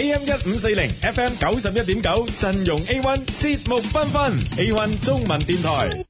AM 一五四零，FM 九十一點九，陣容 A one，節目繽紛，紛，A one 中文電台。